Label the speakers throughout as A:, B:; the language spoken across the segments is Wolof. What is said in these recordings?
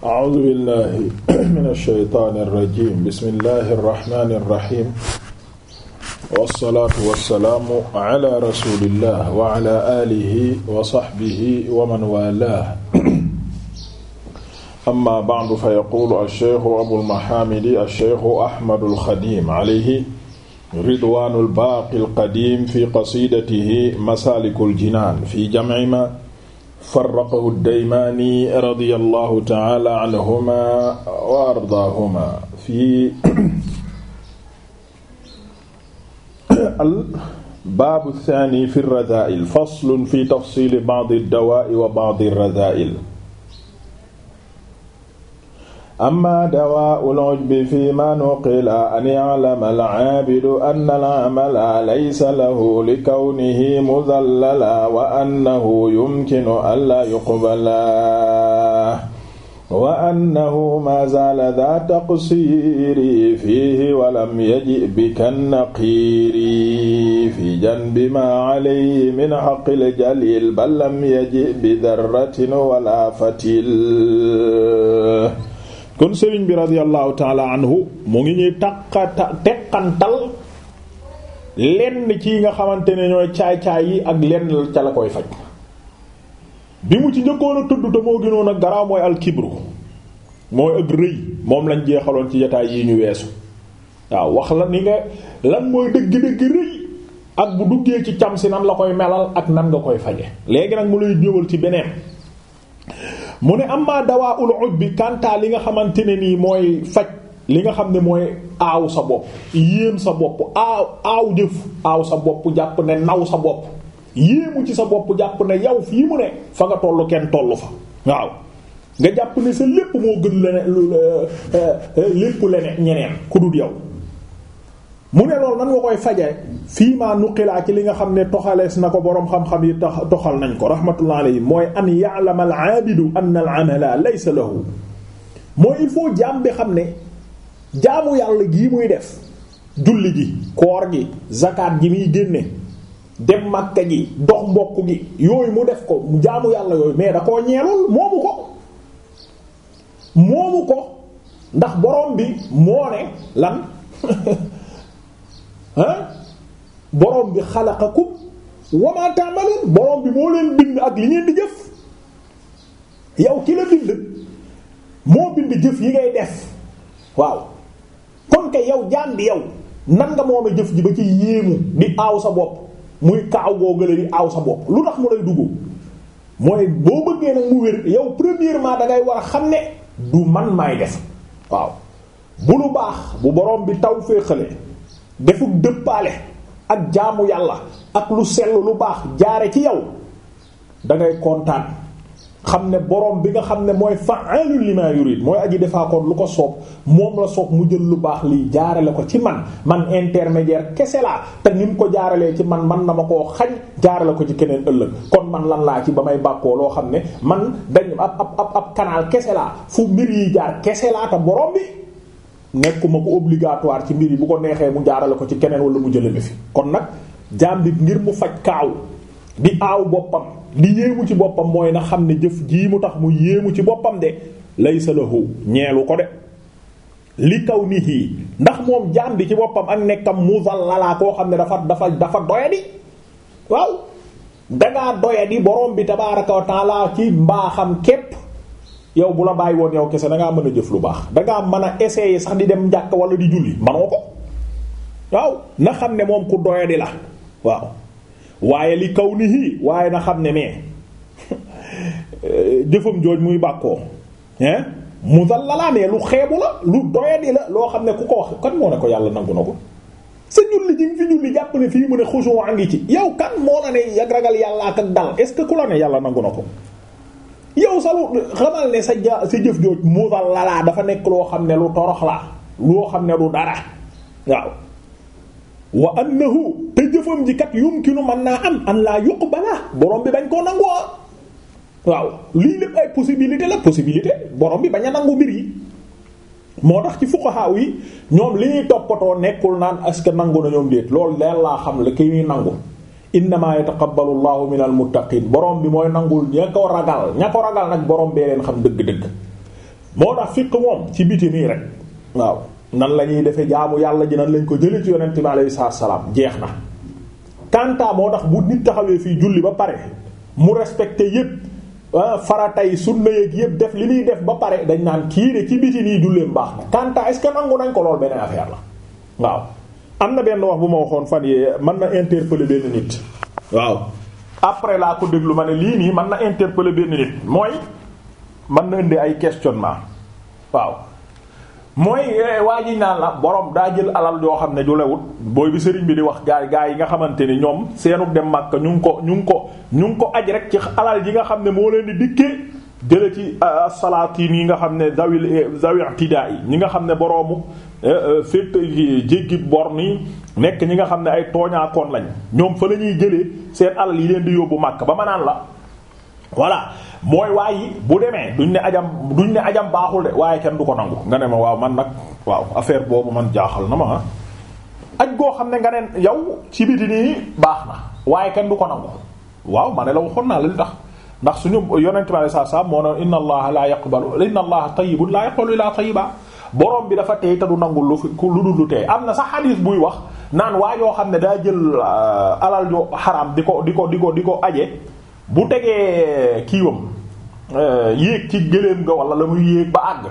A: a'uuzu billaahi mina shaytaani rajiim bismillaahi rahmaani rahiim. wassalaatu wassalaamu ala rasuulillaah wa ala aalihi wa sahbihi wa man waalaah. amma ba'du fa yaquulu ash-shaykhu abul mahaamidi ash-shaykhu ahmadul xadiim alayhi ridwaanul baaqil qadiim fi qasiidatihi masaalikul jinaan fi jam'i maa farraqahu ad-Daymaani radiyallahu ta'ala anhumaa wa ardaahumaa fi al-baab ath-thaani fi ar-razaa'il faslun fi tafsiili ba'd ad-dawaa'i wa ba'd ar-razaa'il amma dawaa'ul ujbi fii ma nuqila an ya'lama al-'aabidu anna al-'amala laysa lahu li kawnihi mudallala wa annahu yumkinu an laa yuqbala wa annahu maa zaala dhaa taqsiiri fiihi wa lam yaji' bi kannaqiiri fii janbi maa 'alayhi min haqqil jaliil bal lam yaji' bi darratin walaa fatil kon sëriñ bi radiyallahu taala anhu mu ngi ñuy taqata
B: teqantal lenn ci nga xamante ne ñooy caay-caay yi ak lenn ca la koy faj bi mu ci njëkkoon a tudd damoo moo gënoon a garaaw mooy alkibru mooy ak rëy moom lañ jeexaloon ci jotaay yi ñu weesu waaw wax la ni nga lan mooy dëgg-dëgg rëy ak bu duggee ci cam si nan la koy melal ak nan nga koy faje léegi nag mu lay ñëwal ci beneen mu ne amma dawaa ul ujbi kantaa li nga xamante ne nii mooy faj li nga xam ne mooy aaw sa bopp yéem sa bopp aaw aaw jëf aaw sa bopp jàpp ne naw sa bopp yéemu ci sa bopp jàpp ne yow fii mu ne fa nga toll kenn toll fa waaw nga jàpp ne sa lépp moo gën leneen euh, euh, lépp le ñeneen ku dul yow mu ne loolu nan nga koy fajee fii maa nuqilaa ci li nga xam ne toxalees na ko boroom xam-xam yi tax toxal nañ ko rahmatullah alayhi mooy an ya'lama al-'abidu anna al-'amala laysa lahu il faut xam ne jaamu yàlla gii muy def julli gi koor gi zakat gi muy génne dem Makka gi dox mbokk gi yooyu mu def ko mu jaamu yàlla yooyu mais da koo ñeelul moomu ko moomu ko ndax boroom bi moo ne lan borom bi xalaqakum wa ma ta'malun borom bi moo leen bind ak li ngeen di jëf yow ki la bind moo bind jëf yi ngay def waaw kon kay yow jaam bi yow nan nga moome jëf ji ba ci yéemu di aaw sa bopp muy kaaw googale di aaw sa bopp lu tax mu lay duggu mooy boo bëggee nag mu wér yow premièrement da ngay war a xam ne du man maay def waaw bu lu baax bu borom bi taw fee xale defuk dëppaale ak jaamu yàlla ak lu sell lu baax jaare ci yow dangay kontaan xam ne borom bi nga xam ne mooy fa'alul lima yurid mooy aji defaa kon lu ko soob moom la soob mu jël lu baax lii jaarale ko ci man man intermédiaire kese laa te ni ko jaaralee ci man man na ma koo xañ jaarale ko ci keneen ëllëg kon man lan laa ci ba may bàkkoo loo xam ne man dañ ab ab ab ab canal kese laa fu mbir yi jaar kese laa te borom bi. nekkuma ku obligatoire ci mbir yi bu ko neexee mu jaarale ko ci keneen wala mu jëlale fi kon nag jàmbit ngir mu faj kaaw di aaw boppam di yéemu ci boppam mooy na xam ne jëf jii mu tax mu yéemu ci boppam de laysa lahu ñeelu ko de li kaw nihi ndax moom jàmbi ci boppam ak nekkam muzallala koo xam ne dafa dafa dafa doyadi waaw dangaa doyadi borom bi tabaaraka wa ci mbaaxam képp yow bu la bàyyi woon yow kese da ngaa mën a jëf lu baax dangaa ngaa a essayer sax di dem jàkk wala di julli manoo ko waaw na xam ne moom ku doyadi la waaw waaye li kaw ni hii waaye na xam ne mais jëfam jooj muy bàkkoo hein mu dal la laa lu xeebu la lu doyadi la loo xam ne ku ko wax kan moo ne ko yàlla nangu na ko sa julli ji fi julli jàpp ne fii mu ne xusu waa ci yow kan moo la ne yag ragal yàlla ak ak dal est-ce que ku la ne yàlla nangu na ko yow sa lu xamal ne sa ja sa jëf jooj muusal lalaa dafa nekk loo xam ne lu torox la loo xam ne du dara waaw wa annahu te jëfam ji kat yumkinu mën naa am an laa yuqbala borom bi bañ koo nangoo waaw lii lépp ay possibilité la possibilité borom bi bañ a nangu mbir yi moo tax ci fuqaha yi ñoom li ñuy toppatoo nekkul naan est-ce que nangu na ñoom déet loolu leen laa xam la ki nangu innamaa yataqabbalu Allahu minal muttaqiin borom bi mooy nangul ña ko ragal ña ko ragal nag borom bee leen xam dëgg-dëgg moo tax fiq moom ci biti nii rek waaw nan la ñuy defee jaamu yàlla ji nan lañ ko jëlee ci yonent bi alayhi salaam jeex na. kanta moo tax bu nit taxawee fii julli ba pare mu respecté yépp ah, faratay sunna yeeg yépp def li muy def ba pare dañ naan kii de ci biti nii julleem baax na kanta est ce nangu nañ ko lool beneen affaire la waaw. am na benn wax bu ma waxoon fan yee mën na interpeller benn nit waaw après laa ko déglu ma ne lii nii man na interpole benn nit mooy mën na indi ay questionnement waaw mooy eh, waa ji naan la borom daa jël alal yoo xam ne du lewut booy bi sëriñ bi di wax gaay gaay yi nga xamante ni ñoom seenu dem Makka ñu ngi ko ñu ngi ko ñu ngi ko aj rek ci alal yi nga xam ne moo leen di dikkee jële ci eh, salaatin yi nga xam ne zawil zawi eh, tidaa yi ñi nga xam ne boroomu Eh, eh, fétt eh, jéggi borne yi nekk ñi nga xam ne ay tooñaakoon lañ ñoom fa la ñuy jëlee seen alal yi leen di yóbbu màkk ba ma naan la voilà mooy waaye bu demee duñ ne ajam duñ ne ajam baaxul de waaye kenn du ko nangu nga ne ma waaw man nag waaw affaire boobu man jaaxal na ma ah aj goo xam ne nga ne yow ci biti nii baax na waaye kenn du ko nangu waaw ma ne la waxoon naa la li tax ndax suñu yonente bi sallallahu alayhi wasallam moo ne inna allaha la yaqbalu inna allaha tayyibun la yaqbalu borom bi dafa tey te du nangul lu fi lu dul lu tey am na sax xadiis buy wax naan waa yoo xam ne daa jël euh, alal joo xaraam di ko di ko di ko di ko aje bu tegee kiiwam euh, yéeg ci gëléem nga wala la muy yéeg ba àgg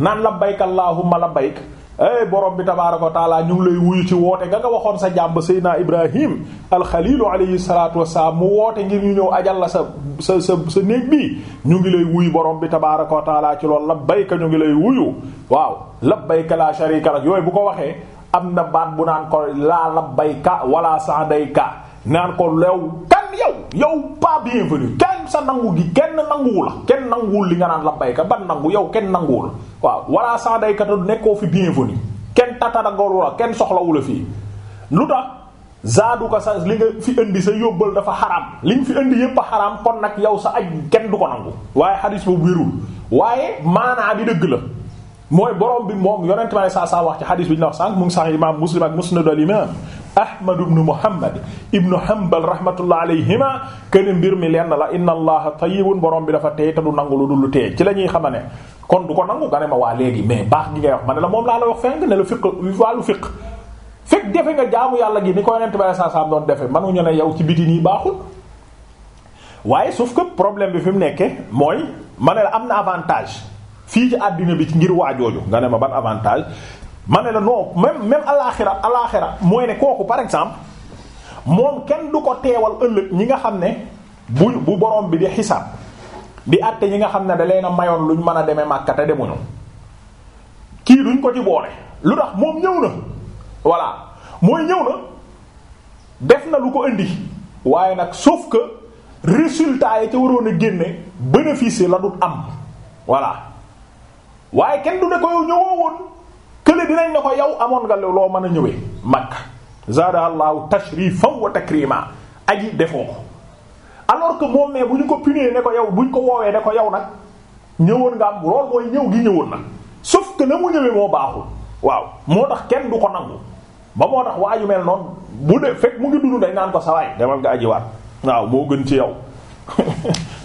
B: naan labbayk allahumma labbayk ay boroom bi tabaaraka wa ñu ngi lay wuyu ci woote nga nga waxoon sa jàmb Seydina Ibrahim alxalilu alayhi salaatu wasalaam mu woote ngir ñu ñëw ajal la sa sa sa sa néeg bi ñu ngi lay wuyu borom bi tabaaraka wa taala ci loolu labbayka ñu ngi lay wuyu waaw labbayka la sharika lak yooyu bu ko waxee am na baat bu naan ko laa labbayka wala sa'dayka naan ko lew naan yow yow pas bienvenu kenn sa nangu gi kenn nanguwu la kenn nanguwul li nga naan labbayka ban nangu yow kenn nanguwul waaw walla saadaykata nekkoo fi bienvenu kenn tataragalu la kenn soxlawu la fii lu tax ko sa li nga fi indi sa yóbbal dafa xaraam li nga fi indi yépp a xaraam kon nag yow sa aj kenn du ko nangu waaye xadis boobu wérul waaye maanaa bi dëgg la mooy borom bi moom yonent ma ne saa saa wax ci xadis bi ñu wax sànq mu ngi imaam muslim ak musnad al imaam Ahmad ibn Muhammad ibn Hanbal rahmatullah alayhima ken mbir mi lenn la inna allaha tayyibun borom bi dafa teey te du nangu lu dul lu teey ci la ñuy xama ne kon du ko nangu nga ne ma waa léegi mais baax gi ngay wax ma ne la moom laa la wax fenk ne la fiq wàllu fiq fekk defe nga jaamu yàlla gi ni ko yonent bi saa saa doon defe mënuñu ne yow ci biti nii baaxul waaye sauf que problème bi fi mu nekke mooy ma ne la am na avantage fii ci àddina bi ci ngir waajooju nga ne ma ban avantage ma ne la non même même alaxira alaxira mooy ne kooku par exemple moom kenn du ko teewal ëllëg ñi nga xam ne bu bu borom bi di xisaab di àtte ñi nga xam ne da leen a mayoon luñ mën a demee Makka te demuñu kii duñ ko ci boole lu tax moom ñëw na voilà mooy ñëw na def na lu ko indi waaye nag suuf ko résultat yi ca waroon a génne bénéfice la du am voilà waaye kenn du ne ko ñëwoo woon kële dinañ ne ko yow amoon nga loo mën a ñëwee Makka zaada allahu tashrifan wa takrima aji defoo ko alors que moom ne bu ñu ko punee ne ko yow bu ñu ko woowee ne ko yow nag ñëwoon nga am lool mooy ñëw gi ñëwoon na sauf que na mu ñëwee moo baaxul waaw moo tax kenn du ko nangu ba moo tax waaju mel noonu bu dee fekk mu ngi dund day naan ko sawaay demal nga waat waaw moo gën ci yow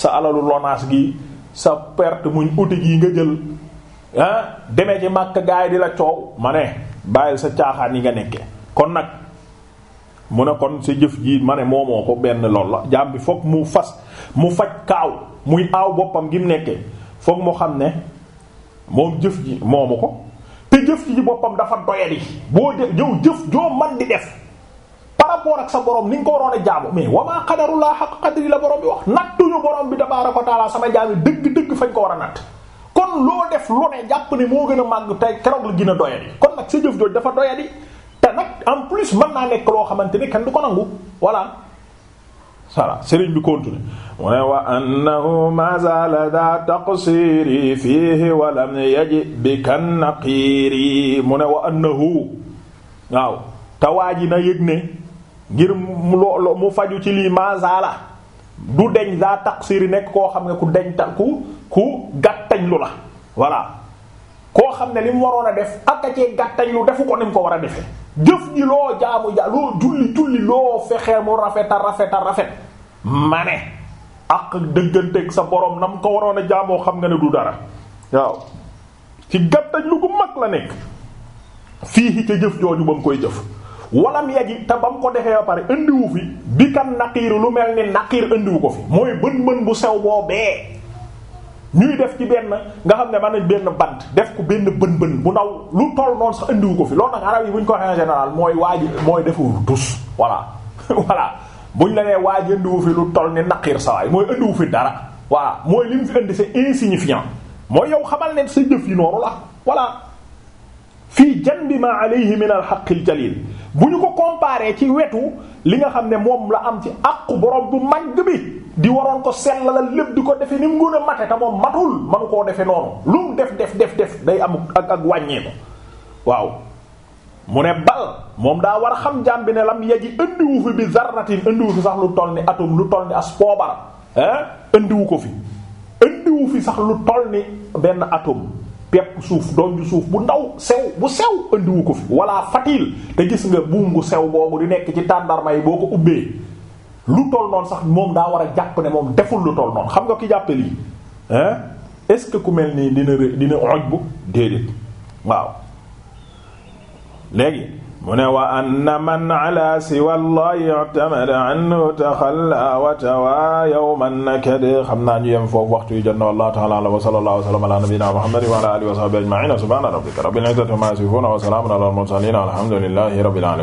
B: sa alalu lonaas gi sa perte muñ uti gi nga jël deme ci màkk gaay di la coow ma ne bàyyil sa caaxaan yi nga nekke kon nag mu ne kon sa jëf jii ma ne moomoo ko benn lool la jaam bi fokk mu fas mu faj kaaw muy aaw boppam gi mu nekkee fokk mu xam ne moom jëf ji moomu ko te jëf ji boppam dafa doyadi boo jëf yow jëf joo man di def par ak sa borom ni nga ko waroon a jaamu mais wamaa xadarullaa xaq xadri la borom bi wax nattuñu borom bi tabaaraka wa taala sama jaam dëgg dëgg dëgg fañ ko war a natt kon loo def lu jàpp ne moo gën a màgg tey keroog la gën a doyadi kon nag sa jëf jooju dafa doyadi te nag en plus mën naa nekk loo xamante ni kenn du ko nangu voilà
A: voilà sëriñ bi continue mu ne wa annahu ma zala mu ne wa annahu
B: waaw te waa na yëg ne ngir mu faju ci lii ma zala du deñ daa yi nekk koo xam ne ku deñ ta ku ku gàttañ lu la voilà koo xam ne li waroon a def ak a cee gàttañ lu defu ko ni ko war a defee jëf ji loo jaamu ja loo julli julli loo fexee mu rafeta rafeta rafet ma ne ak dëgganteeg sa borom nam ko waroon a jaamoo xam nga ne du dara waaw ci gàttañ lu mag la nekk fii ci ca jëf jooju ba mu koy jëf walam yaji te ba mu ko defee ba pare andiwu fi bi kan naqiir lu mel ni naqiir andiwu ko fi mooy bën bën bu sew boobee ñuy def ci benn nga xam ne mën nañ benn bant def ko benn bën bën bu ndaw lu toll noonu sax andiwu ko fi loolu nag arab yi bu ñu ko waxee en général mooy waaj ji mooy deful tus voilà voilà buñ la nee waa ji andiwu fi lu toll ni naqiir sawaay mooy andiwu fi dara waa mooy li mu fi indi c'est insignifiant mooy yow xamal ne sa jëf yi noonu la voilà fii ma alayhi min al haqqil bu ñu ko comparé ci wetu li nga xam ne moom la am ci àqu borom bu màgg bi di waroon ko la lépp di ko defe ni mu gën a mate te moom matul manu koo defe noonu lu mu def def def def day am ak ak wàññeeku waaw mu ne bal moom daa war a xam jaam bi ne lam yaji indiwu fi bi zarratin indiwu fi sax lu toll ni atum lu toll ni as poobar ah indiwu ko fi indiwu fi sax lu toll ni benn atum pepp suuf doon suuf bu ndaw sew bu sew andiwu ko fi wala fatil te gis nga buum gu sew boobu di nekk ci tàndarma yi boo ko ubbee lu toll noonu sax moom daa war a jàpp ne moom deful lu toll noonu xam nga ki jàppe lii hein est-ce que ku mel nii dina
A: dina oj bu déedéet waaw léegi mu ne wa anna man ala siwa llahi i'tamada anhu taxalla wa tawa yawman nakad xam naa ñu yem foofu waxtu yu jot na wallahu ta'ala wa sallallahu wa sallam ala nabiyyina muhammadin wa ala alihi wa sahbihi ajma'in subhana rabbika rabbil izzati amma yasifun wa salamun ala al mursalin alhamdulillahi rabbil alamin